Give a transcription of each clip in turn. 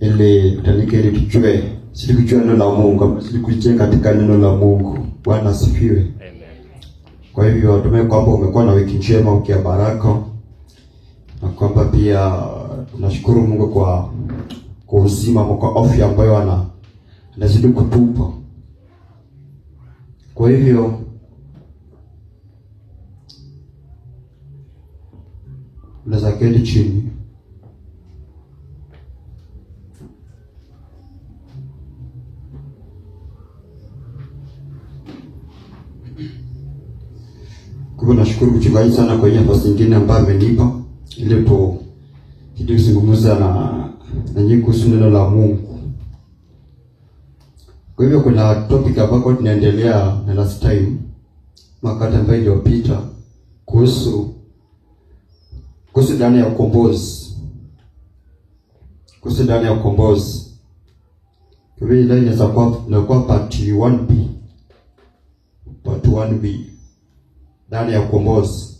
ili tanike ili tujue, sili tukijua neno la Mungu, kama si katika neno la Mungu. Bwana asifiwe. Kwa hivyo tume kwamba umekuwa na wiki njema, wiki ya baraka, na kwamba pia tunashukuru Mungu kwa kwa uzima, kwa afya ambayo ana anazidi kutupa. Kwa hivyo unaweza keti chini Kwa hivyo nashukuru mchungaji sana kwa hii nafasi nyingine ambayo amenipa ilipo kitu kuzungumza na na nyinyi kuhusu neno la Mungu. Kwa hivyo kuna topic ambako tunaendelea na last time makati ambayo iliyopita kuhusu kuhusu dhana ya ukombozi. Kuhusu dhana ya ukombozi. Kwa hivyo leo inaweza kuwa part 1B. Part 1B ndani ya ukombozi.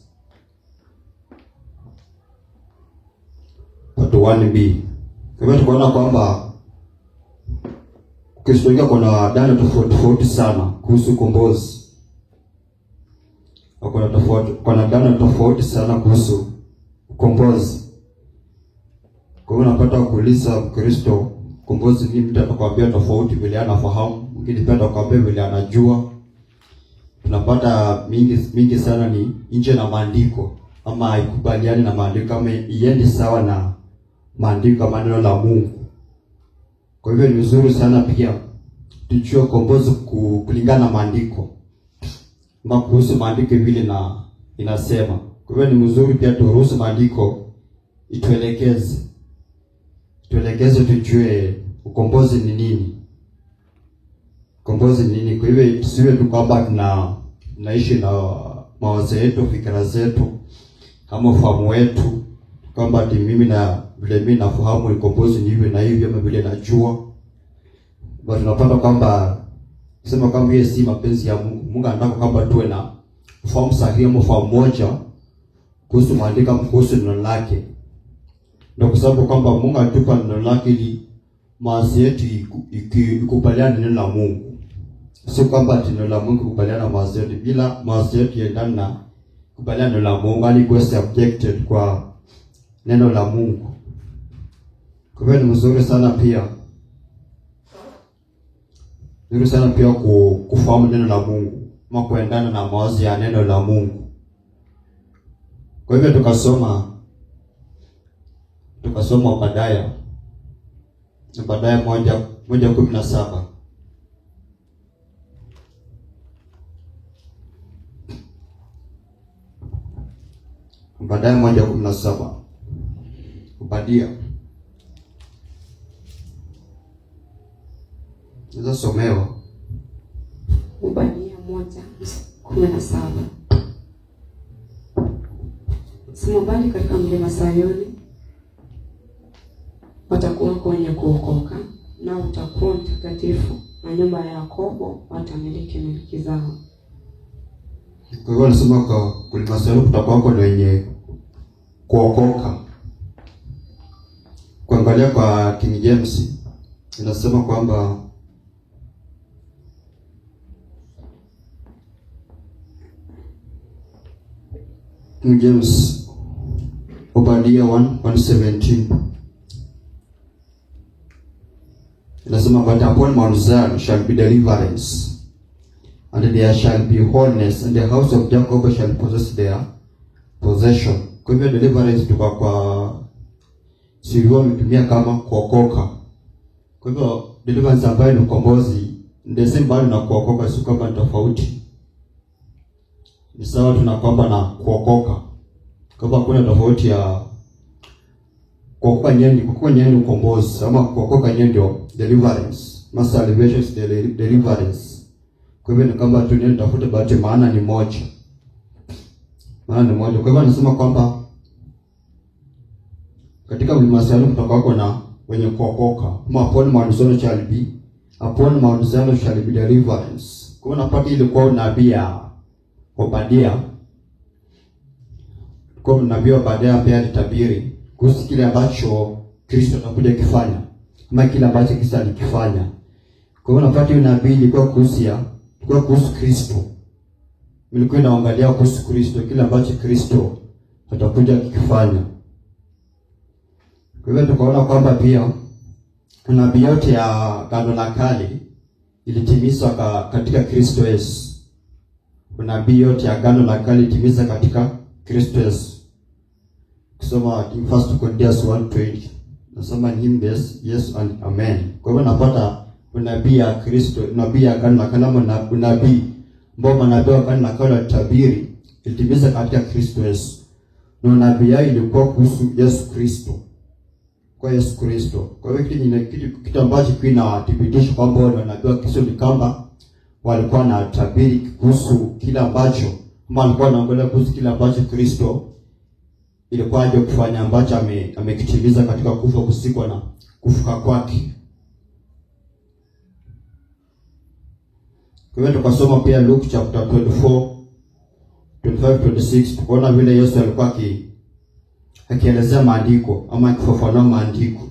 b kama tukaona kwamba kihistoria kuna dana tofauti tofauti sana kuhusu ukombozi. Kuna tofauti, kuna dana tofauti sana kuhusu ukombozi. Kwa hiyo unapata kuuliza Mkristo ukombozi ni mtu atakwambia tofauti vile anafahamu, mwingine pia atakwambia vile anajua tunapata mingi mingi sana ni nje na maandiko, ama haikubaliani na maandiko, ama iendi sawa na maandiko ama neno la Mungu. Kwa hivyo ni vizuri sana pia tujue ukombozi kulingana na maandiko, ama kuhusu maandiko vile na inasema. Kwa hivyo ni mzuri pia turuhusu maandiko ituelekeze, tuelekeze, tujue ukombozi ni nini kongozi nini? Kwa hivyo tusiwe tu kwamba tuna tunaishi na mawazo yetu, fikira zetu, kama ufahamu wetu kwamba ati mimi na vile mimi nafahamu ikombozi ni hivyo na hivyo, ama vile najua. Basi tunapata kwamba sema kwamba hiyo si mapenzi ya Mungu. Mungu anataka kwamba tuwe na ufahamu sahihi ama ufahamu moja kuhusu maandiko, kuhusu neno lake. Ndio kwa sababu kwamba Mungu alitupa neno lake ili maasi yetu ikubaliane neno la Mungu si kwamba neno la Mungu kubaliana na mawazo yetu, bila mawazo yetu yaendane na kubaliana neno la Mungu, hali kuwe subjected kwa neno la Mungu. Kwa hivyo ni mzuri sana pia nzuri sana pia kufahamu neno la Mungu ama kuendana na mawazo ya neno la Mungu. Kwa hivyo tukasoma tukasoma Obadaya Obadaya moja moja kumi na saba Obadia moja kumi na saba Obadia naweza somewa Obadia moja kumi na saba Simo bali katika mlima Sayuni watakuwa kwenye kuokoka, na utakuwa mtakatifu, na nyumba ya Yakobo watamiliki miliki zao. Kwa hiyo anasema kwa kulimasema kwa na wenye kuokoka. Kuangalia kwa King James inasema kwamba King James Obadia 1:17 inasema but upon Mount Zion shall be deliverance and there shall be wholeness, and the house of Jacob shall possess their possession. Kwa hivyo deliverance tuka kwa sivyo mtumia kama kuokoka. Kwa hivyo deliverance ambayo ni ukombozi the same bado na kuokoka, si kwamba ni tofauti. Ni sawa tunakwamba na kuokoka, hivyo kuna tofauti ya kuokoka nyenye kuokoka nyenye ukombozi ama kuokoka nyenye ndio deliverance, Masa salvation is deliverance kwa hivyo ni kwamba tuende tutafute bahati, maana ni moja, maana ni moja. Kwa hivyo anasema kwamba katika mlima Sayuni kutokako na wenye kuokoka, kama upon Mount Zion shall be upon Mount Zion shall be deliverance. Kwa hivyo napata ilikuwa unabii ya Obadia, kwa nabii wa baadaye pia alitabiri kuhusu kile ambacho Kristo atakuja kifanya, kama kile ambacho Kristo alikifanya. Kwa hivyo napata hiyo nabii ilikuwa kuhusu ya kwa kuhusu Kristo. Nilikuwa naangalia kuhusu Kristo, kile ambacho Kristo atakuja kikifanya. Kwa hivyo tukaona kwamba pia unabii yote ya Agano la Kale ilitimizwa ka, katika Kristo Yesu. Unabii yote ya Agano la Kale ilitimizwa katika Kristo Yesu. Kusoma First Corinthians 1:20. Nasoma ni him yes and amen. Kwa hivyo napata unabii ya Kristo, unabii ya Agano la Kale na unabii ambao manabii wa Agano la Kale walitabiri ilitimiza katika Kristo Yesu, na unabii yao ilikuwa kuhusu Yesu Kristo, kwa Yesu Kristo. Kwa hiyo kitu kingine, kitu kitu ambacho kinathibitisha kwamba wale manabii wa Kristo ni kwamba walikuwa na tabiri kuhusu kila ambacho kama walikuwa wanaongelea kuhusu kila ambacho Kristo ilikuwa aje kufanya ambacho amekitimiza ame katika kufa, kusikwa na kufuka kwake. Kwa hiyo tukasoma pia Luke chapter 24 25 26, tukaona vile Yesu alikuwa ki akielezea maandiko ama akifafanua maandiko.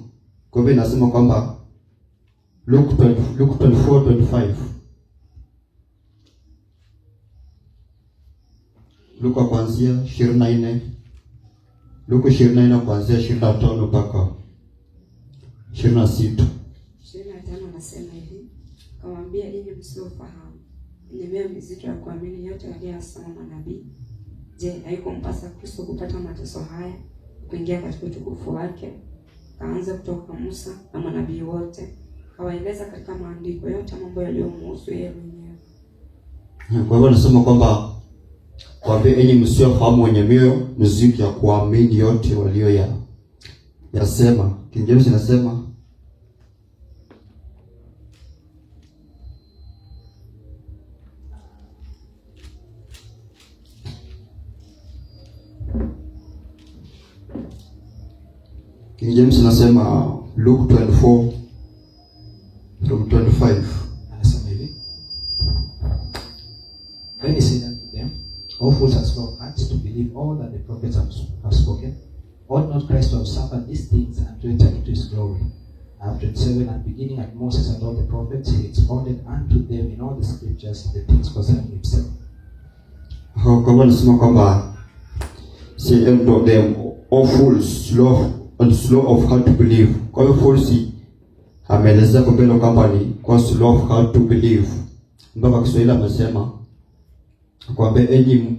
Kwa hivyo inasema kwamba Luke 20, Luke 24 25 Luka kuanzia 24 Luka 24 kuanzia 25 mpaka 26. 25 anasema hivi, kawaambia, ili msiofahamu nimea mizito ya kuamini yote aliyosema manabii. Je, haikumpasa Kristo kupata mateso haya, kuingia katika utukufu wake? Kaanza kutoka Musa na manabii wote, kawaeleza katika maandiko yote mambo yaliyomhusu yeye mwenyewe. Kwa hivyo nasema kwamba kwambia, enyi msiofahamu wenye mioyo mizito ya kuamini yote waliyo ya yasema. Kiingereza inasema King James nasema Luke 24 from 25 anasema hivi Then he said unto them All fools as well hearts to believe all that the prophets have spoken ought not Christ to have suffered these things and to enter into his glory and 27 and beginning at Moses and all the prophets he expounded unto them in all the scriptures the things concerning himself kwa anasema kwamba say unto them all fools love and slow of heart to believe. Kwa hiyo Folz ameelezea Kopelo Company kwa slow of heart to believe, Mbaba Kiswahili amesema akwambia, enyi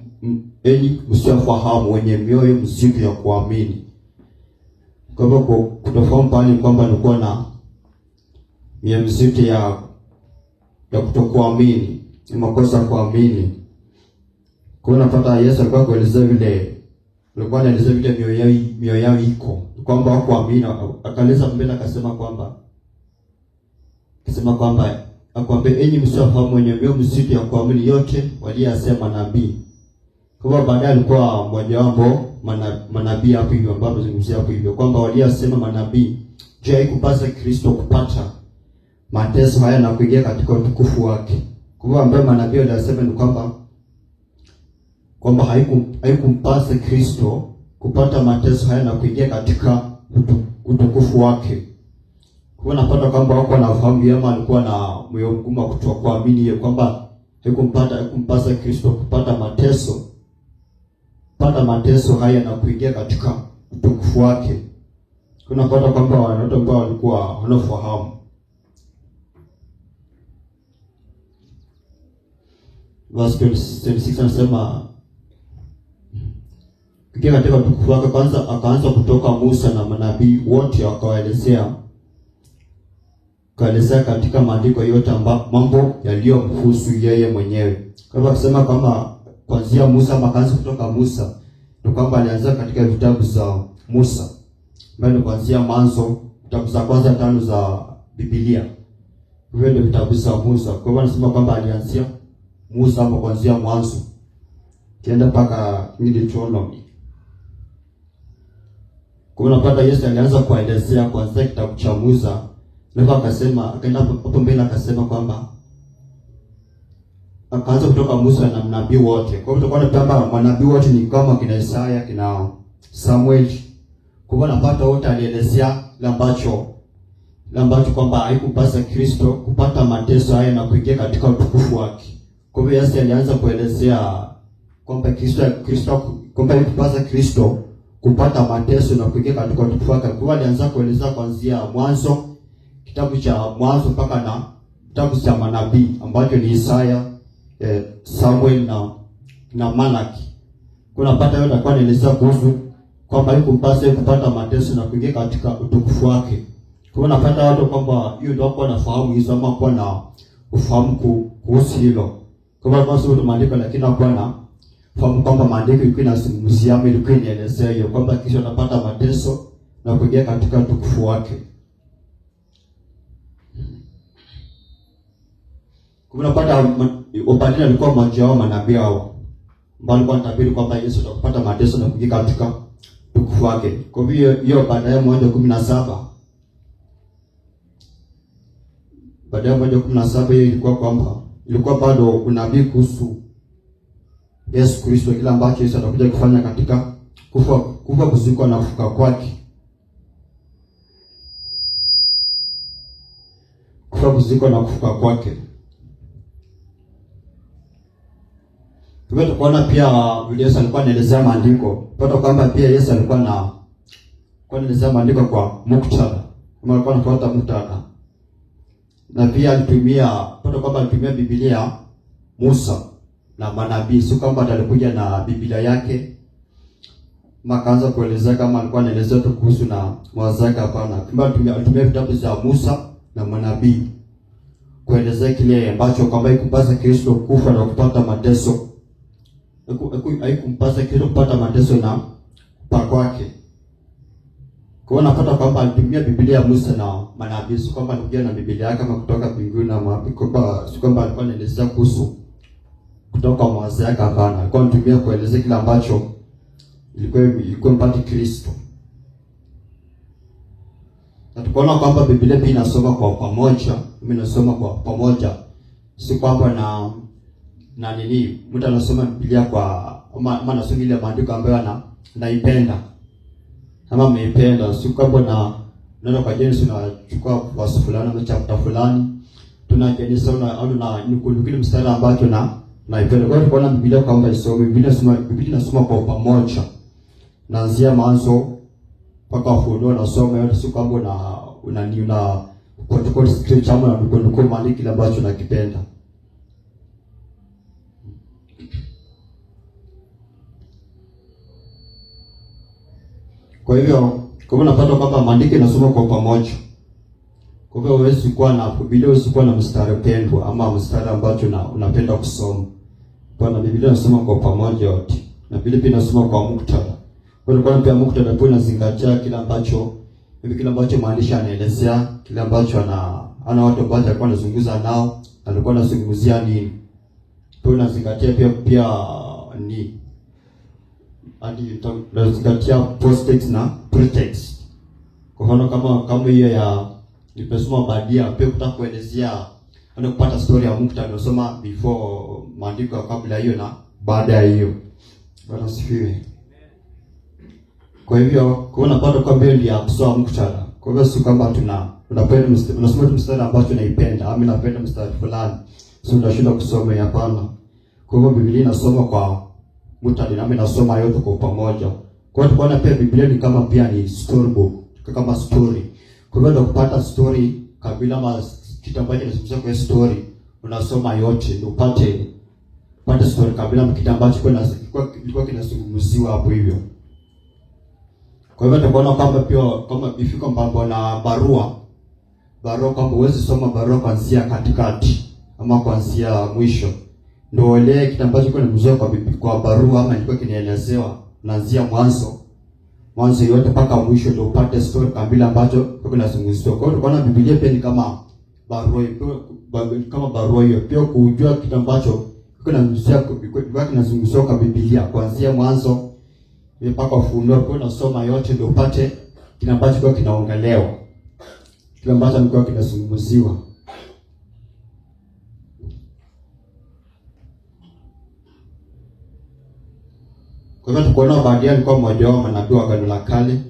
enyi msiofahamu, wenye mioyo mzito ya kuamini. Kwa hivyo kutofahamu pale kwamba ni kwa na mioyo mzito ya ya kutokuamini, ni makosa kuamini. Kwa hiyo napata Yesu alikuwa kuelezea vile alikuwa anaelezea vile mioyo yao iko kwamba hakuamini, akaleza mbele akasema kwamba akasema kwamba akwambia, enyi msiofahamu mwenye mioyo mizito ya kuamini yote waliyasema nabii. Kwa baadaye alikuwa mmoja wapo manabii hapo hivyo, ambao amezungumzia hapo hivyo kwamba waliyasema manabii. Je, haikupasa Kristo kupata mateso haya na kuingia katika utukufu wake? Kwa ambayo manabii waliyasema ni kwamba kwamba haikumpasa Kristo kupata mateso haya na kuingia katika utukufu wake. Kwa napata kwamba wako na fahamu vyema, alikuwa na moyo mgumu kuamini yeye kwamba haikumpata haikumpasa Kristo kupata mateso, pata mateso haya na kuingia katika utukufu wake. Kunapata kwamba watu ambao walikuwa wanafahamu Verse 26 anasema lakini katika utukufu wake kwanza akaanza kutoka Musa na manabii wote akawaelezea kaelezea katika maandiko yote ambapo mambo yaliyomhusu yeye mwenyewe. Kwa hivyo akisema kwamba kuanzia Musa makaanza kutoka Musa ni kwamba alianza katika vitabu za Musa mbele kuanzia mwanzo vitabu za kwanza tano za Biblia. Hivyo ndio vitabu za Musa. Kwa hivyo anasema kwamba alianzia Musa hapo kuanzia mwanzo. Kienda mpaka Deuteronomy. Kwa hiyo unapata Yesu alianza kuwaelezea kwa sekta cha Musa, ndipo akasema akaenda hapo mbele akasema kwamba akaanza kutoka Musa na mnabii wote. Kwa hiyo tutakuwa na kwamba manabii wote ni kama kina Isaya, kina Samuel. Kwa hiyo unapata wote alielezea lambacho lambacho kwamba haikupasa Kristo kupata mateso haya na kuingia katika utukufu wake. Kwa hiyo Yesu alianza kuelezea kwamba Kristo Kristo kwamba haikupasa Kristo kupata mateso na kuingia katika utukufu wake. Kwa alianza kueleza kuanzia mwanzo kitabu cha mwanzo mpaka na kitabu cha manabii ambacho ni Isaya, eh, Samuel na na Malaki. Kuna pata yote alikuwa anaeleza kuhusu kwamba yuko mpase kupata mateso na kuingia katika utukufu wake. Kwa hiyo napata watu kwamba hiyo ndio kwa nafahamu hizo ama kwa na ufahamu kuhusu hilo. Kwa sababu basi maandiko lakini hakuwa na kwamba maandiko ilikuwa inazungumzia ama ilikuwa inaelezea hiyo kwamba kisha anapata mateso na kuingia katika utukufu wake. Unapata wapadri alikuwa mmoja wao manabii hao ambao alikuwa anatabiri kwamba Yesu atakupata mateso na kuingia katika utukufu wake. Kwa hiyo hiyo baadaye mwanzo kumi na saba baadaye mwanzo kumi na saba hiyo ilikuwa kwamba ilikuwa bado unabii kuhusu Yesu Kristo, kila ambacho Yesu atakuja kufanya katika kufa, kufa kuzikwa na kufuka kwake, kufa kuzikwa na kufuka kwake. Tupata kuona pia vile Yesu alikuwa anaelezea maandiko, tupata kwamba pia Yesu alikuwa na kwa anaelezea maandiko kwa muktadha, kama alikuwa anafuata muktadha, na pia alitumia tupata kwamba alitumia Biblia Musa na manabii, sio kwamba alikuja na Biblia yake makaanza kuelezea kama alikuwa anaelezea tu kuhusu na mwazaka. yake. Hapana, kumbe alitumia vitabu za Musa na manabii kuelezea kile ambacho kwamba ikumpasa Kristo kufa na kupata mateso, haikumpasa Kristo kupata mateso na kufa kwake. Kwa hiyo napata kwamba alitumia Biblia ya Musa na manabii, sio kwamba alikuja na Biblia yake kama kutoka mbinguni na wapi, kwamba sio kwamba alikuwa anaelezea kuhusu kutoka mawazo yake hapana. Alikuwa anatumia kuelezea kile ambacho ilikuwa ilikuwa mpate Kristo. Na tukaona kwamba Biblia pia inasoma kwa pamoja, mimi nasoma kwa pamoja. Si kwamba na na nini, mtu anasoma Biblia kwa maana nasoma ile maandiko ambayo ana naipenda. Kama mmeipenda, si kwamba na naenda kwa Genesis unachukua kwa fulani ama chapta fulani. Tuna Genesis au na nukuu mstari ambacho na na ipende kwa kuona Biblia kwamba isome Biblia, soma Biblia, nasoma kwa pamoja, naanzia mwanzo mpaka Ufunuo, nasoma yote, si kwamba na unani una quote quote scripture ama unanukunuku mahali kile ambacho nakipenda. Kwa hivyo kwa hivyo kwamba maandiko inasoma kwa pamoja. Kwa hivyo huwezi kuwa na Biblia, huwezi na mstari pendwa ama mstari ambacho unapenda kusoma. Bwana, Biblia inasema kwa pamoja wote, na Biblia pia kwa muktadha. Kwa hiyo Bwana pia muktadha pia inazingatia kile ambacho hivi, kile ambacho maandishi anaelezea, kile ambacho ana ana watu ambao alikuwa anazungumza nao, alikuwa anazungumzia nini. Kwa hiyo inazingatia pia pia ni hadi tunazingatia post-text na pretext. Kwa mfano kama kama hiyo ya nimesoma badia pia kutakuelezea ana kupata story ya muktadha unasoma before maandiko ya kabla hiyo na baada ya hiyo. Bwana sifiwe. Kwa hivyo kuona bado kwa hiyo ndio kusoma mkutano. Kwa hivyo si kwamba tuna unapenda unasoma mstari ambao tunaipenda ama unapenda mstari fulani, sio unashinda kusoma, hapana. Kwa hivyo Biblia inasoma kwa muktadha na inasoma yote kwa pamoja. Kwa hivyo tunaona pia Biblia ni kama pia ni story book, kama story. Kwa hivyo kupata story kabila ama kitabu cha story unasoma yote ndio upate kwenda stori kabila kitu ambacho kwa kilikuwa kinazungumziwa hapo hivyo. Kwa hivyo tutaona kwamba pia kama ifika mambo na barua barua, kwamba uweze soma barua kuanzia katikati ama kuanzia mwisho, ndio ile kitu ambacho kinazungumziwa kwa bibi kwa barua ama ilikuwa kinaelezewa naanzia mwanzo mwanzo yote mpaka mwisho, ndio upate story kabila ambacho kinazungumziwa. Kwa hiyo tukaona Biblia pia ni kama barua, hiyo kama barua hiyo pia kujua kitu ambacho Kunazungumzia kwa kinazungumzia kwa Biblia kuanzia mwanzo mpaka Ufunuo, kwa unasoma yote ndio upate kile ambacho kwa kinaongelewa, kile ambacho nilikuwa kinazungumziwa. Kwa hivyo tukuona Obadia alikuwa mmoja wao manabii wa Agano la Kale,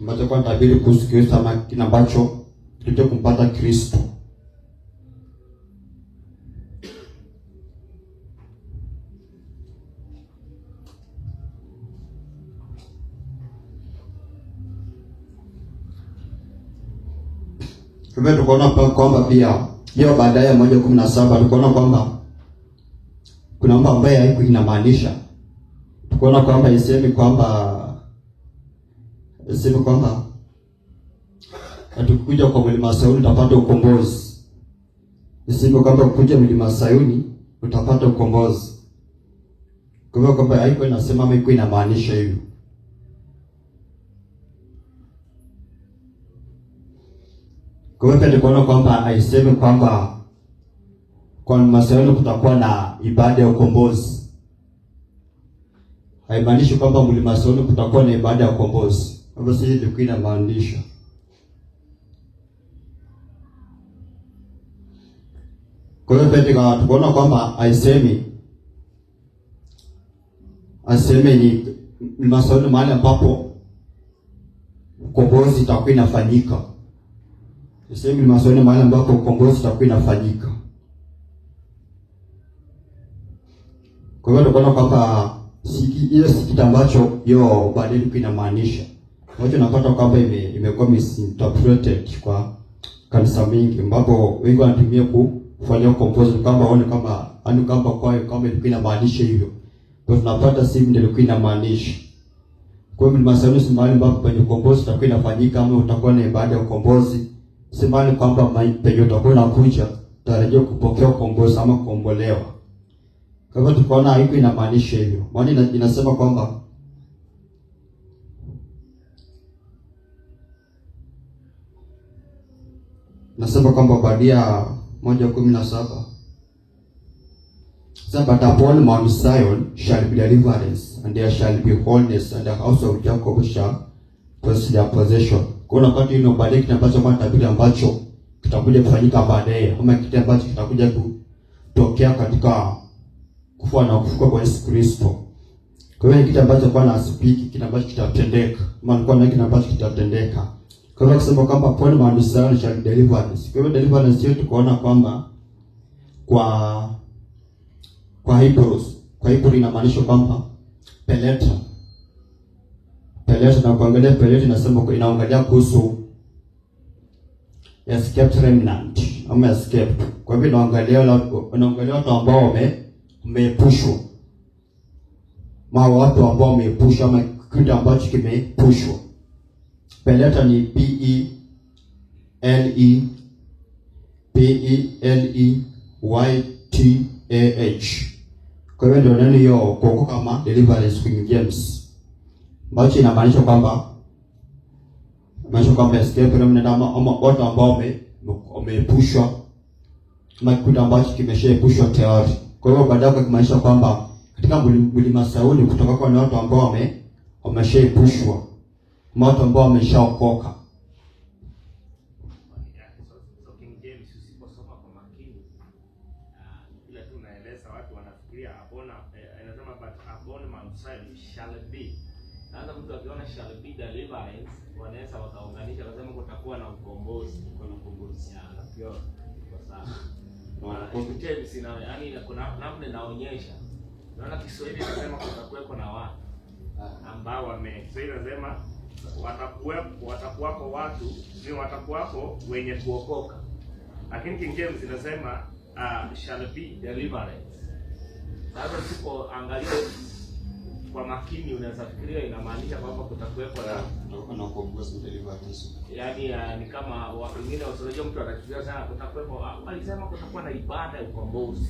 ambacho kwa tabiri kuhusu kile ambacho Kristo. Hivyo tukaona kwamba pia hiyo baadaye moja kumi na saba tukaona kwamba kuna mambo ambayo haiko inamaanisha. Tukaona kwamba isemi kwamba isemi kwamba tukikuja kwa mlima Sayuni utapata ukombozi. Isemi kwamba kuja mlima Sayuni utapata ukombozi. Kwa hivyo kwamba haiko inasema, haiko inamaanisha hivyo. Kwa hiyo nikaona kwamba aisemi kwamba kwa Masaweni kutakuwa na ibada ya ukombozi. Haimaanishi kwamba Mlima Sayuni kutakuwa na ibada ya ukombozi. Hapo sisi ilikuwa inamaanisha. Kwa hiyo Petro tukaona kwamba aisemi aseme ni Mlima Sayuni mahali ambapo ukombozi itakuwa inafanyika. Niseme masoni mahali ambapo ukombozi utakuwa inafanyika. Kwa hiyo tunaona kwamba siki ile si kitu ambacho yo badili inamaanisha. Watu napata kwamba ime, imekuwa misinterpreted kwa kanisa mingi ambapo wengi wanatumia kufanyia ukombozi kama waone kama ani kama kwa kama ilikuwa inamaanisha hivyo. Kwa tunapata si ndio ilikuwa inamaanisha. Kwa hiyo ni maswali mahali ambapo penye ukombozi utakuwa inafanyika ama utakuwa na ibada ya ukombozi Simani kwamba penye utakuwa unakuja tarajia kupokea ukombozi ama kuombolewa. Kwa hivyo tukaona haiko inamaanisha hivyo, maana inasema kwamba nasema kwamba Obadia moja kumi na saba But upon Mount Zion shall be deliverance and there shall be wholeness and the house of Jacob shall possess their possession kuna hiyo wakati ino baadaye kinapaswa kuwa tabiri ambacho kitakuja kufanyika baadaye ama kitu ambacho kitakuja kutokea katika kufa na kufuka kwa Yesu Kristo. Kwa hiyo kitu ambacho kwa na speak kitu ambacho kitatendeka. alikuwa na kitu ambacho kitatendeka? Kwa hiyo kusema kwamba pole maandishi sana cha deliverance. Kwa hiyo deliverance yetu tukaona kwamba kwa kwa Hebrews, kwa Hebrews inamaanisha kwamba peleta kuangalia na kuangalia Biblia yetu inasema inaangalia kuhusu escape remnant ama escape. Kwa hivyo inaangalia watu, inaangalia watu ambao wame wameepushwa. Ma watu ambao wamepushwa ama kitu ambacho kimepushwa. Peleta ni P E L E P E L E Y T A H. Kwa hivyo ndio neno hiyo kuokoka kama deliverance kwa James ambacho inamaanisha kwamba maanisha kwamba ama watu ambao wameepushwa ama kikundi ambacho kimeshaepushwa tayari. Kwa hiyo baadaye akimaanisha kwamba katika mlima sauni kutoka kwa watu ambao wameshaepushwa, watu ambao wameshaokoka kupitia hivi sina, yaani kuna namna inaonyesha, naona Kiswahili inasema kutakuwepo na watu ambao wame Kiswahili nasema watakuwa watakuwako watu ni watakuwako wenye kuokoka, lakini King James inasema uh, shall be deliverance. Sasa angalia kwa makini unaweza fikiria inamaanisha kwamba kutakuwepo na yaani, ya, ah, ni kama wengine wasolojia mtu anachukia sana, kutakuwepo ah, alisema kutakuwa na ibada ya ukombozi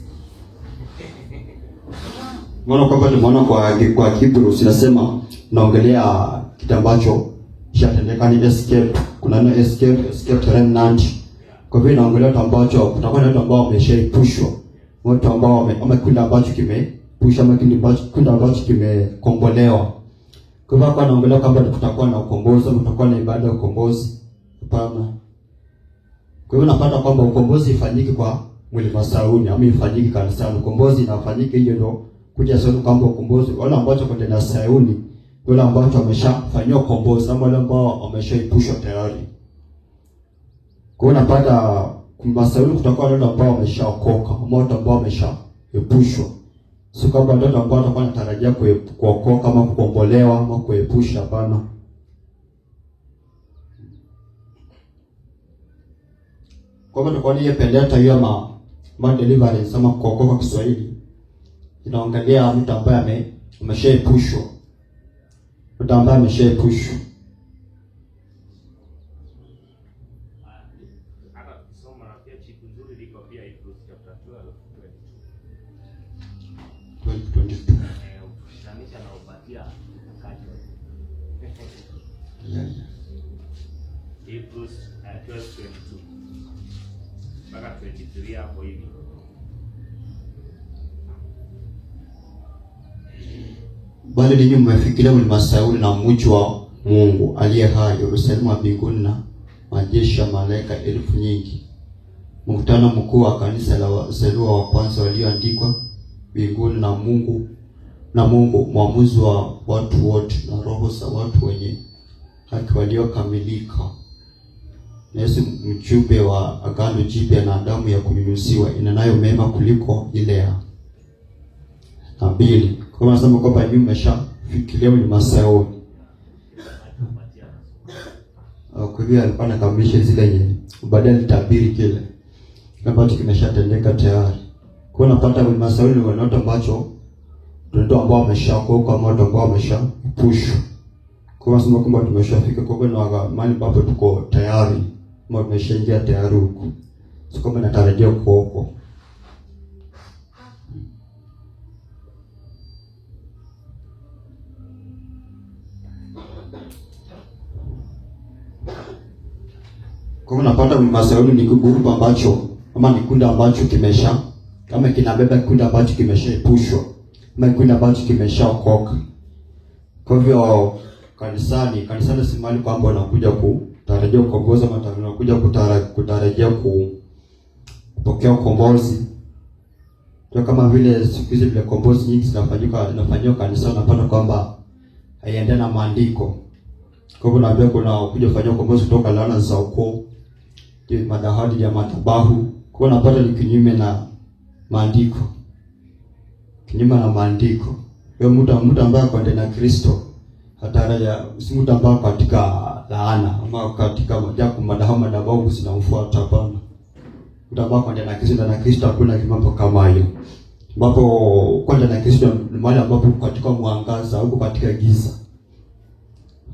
Mbona kwamba nimeona kwa kwa Kibru sinasema naongelea kitu ambacho shatendeka ni escape. Kuna neno escape, escape remnant. Kwa hivyo naongelea watu ambacho kutakuwa na watu ambao wameshaipushwa, watu ambao wamekula ambacho kime kuisha ama kitu ambacho kimekombolewa. Kwa hivyo hapa anaongelea kwamba kutakuwa na ukombozi ama kutakuwa na ibada ya ukombozi. Hapana. Kwa hivyo napata kwamba ukombozi ifanyike kwa mwili masauni ama ifanyike kanisani. Ukombozi inafanyika hiyo ndio kuja sasa kwamba ukombozi wale ambao kwa tena sauni wale ambacho wameshafanywa ukombozi ama wale ambao wameshaipushwa tayari. Kwa hiyo napata kwa masauni kutakuwa na wale ambao wameshaokoka, ama watu ambao wameshaepushwa si kwamba mtoto ambao atakuwa anatarajia kuokoka kama kukombolewa ama kuepusha. Hapana, Kwa tukuwa na hiyo pendea tayo ma, ma delivery ama kuokoka Kiswahili inaangalia mtu ambaye ameshaepushwa, mtu ambaye ameshaepushwa pia Hebrews 12:22 mpaka 23 hapo hivi. Bali ninyi mmefikiria mlimasauli na mji wa Mungu aliye hai, Yerusalemu wa mbinguni na majeshi ya malaika elfu nyingi, mkutano mkuu wa kanisa la wazaliwa wa kwanza walioandikwa mbinguni na Mungu na Mungu mwamuzi wa watu wote na roho za watu wenye haki waliokamilika. Yesu mjumbe wa agano jipya na damu ya kunyunyuziwa inenayo mema kuliko ile ya na Kwa hiyo nasema kwamba nyinyi mmeshafikiria ulima Sayuni. Ah, kwa hiyo alikuwa anakamilisha zile yenye baadaye litabiri kile ambacho kimeshatendeka tayari. Kwa hiyo napata ulima Sayuni wanaota ambacho watoto ambao wameshaokoka ama watu ambao wameshapushwa. Kwa hiyo nasema kwamba tumeshafika kwa na mahali ambapo tuko tayari ama tumeshaingia tayari huko, Sio kama natarajia kuwa huko Kwa hiyo napata masauni ni kigurupa ambacho ama ni kunda ambacho kimesha kama kinabeba kunda ambacho kimeshaepushwa na kile ambacho kimeshaokoka. Kwa hivyo kanisani, kanisani si mahali kwamba unakuja kutarajia kuongoza matano, unakuja kutarajia kupokea ukombozi. Kwa kama vile siku hizi vile kombozi nyingi zinafanyika inafanywa kanisani, unapata kwamba haiendani na maandiko. Kwa hivyo naambia kuna kuja kufanywa kombozi kutoka laana za ukoo, madahadi ya matabahu, kwa unapata ni kinyume na maandiko kinyume na maandiko. Wewe mtu mtu ambaye kwa ndani na Kristo hatara ya mtu ambaye katika laana ama katika majako madao madabau kusinamfuata bana. Mtu ambaye ndani na Kristo na Kristo hakuna kimambo kama hiyo. Ambapo ndani na Kristo ni mahali ambapo katika mwangaza huko katika giza.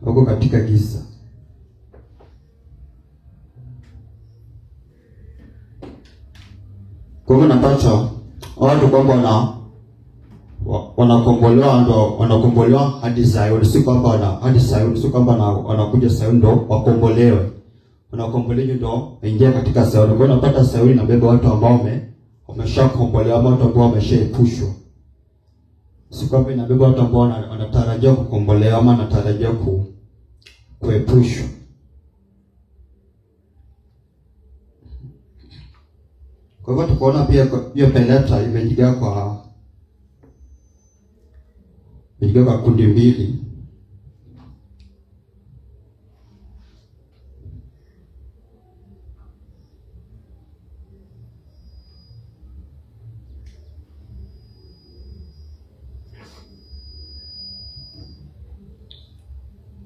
Huko katika giza. Kwa hiyo napata watu kwamba na wanakombolewa ndo wanakombolewa hadi Sayuni, si kwamba wana hadi Sayuni, si kwamba na wanakuja Sayuni ndo wakombolewe, wanakombolewa ndo waingia katika Sayuni. Kwa hiyo unapata Sayuni inabeba watu ambao wame wameshakombolewa, watu ambao wameshaepushwa, si kwamba inabeba watu ambao wanatarajia kukombolewa ama wanatarajia ku kuepushwa. Kwa hivyo tukaona pia hiyo Peleta imejigaa kwa niligawa kundi mbili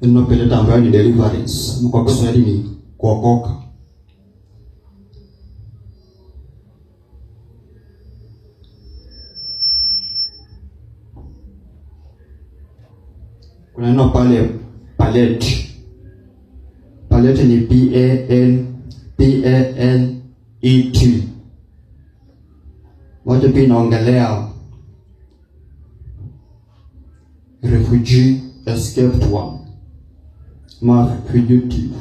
ninopeleta ambayo ni deliverance, kwa Kiswahili ni kuokoka. neno pale palet palet ni P A n P A n E T. Moja pia inaongelea refugee escaped one ma fugitive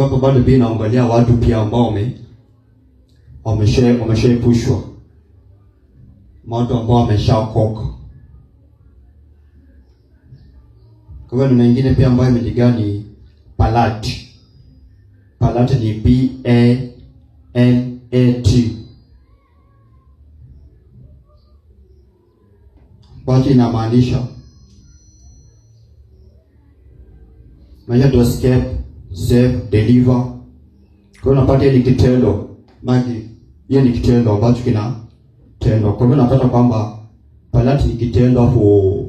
hapo bado pia inaongelea watu pia ambao wame wamesha watu ambao wameshaokoka. Kwa hiyo neno nyingine pia ambayo imeligana ni palat. Palat ni b A n A T. Palate inamaanisha maana to escape, save, deliver. Kwa hiyo napata ni kitendo magi, hiyo ni kitendo ambacho kinatendwa. Kwa hiyo napata kwamba palat ni kitendo for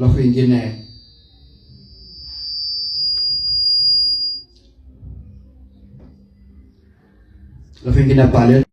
alafu ingine alafu ingine pale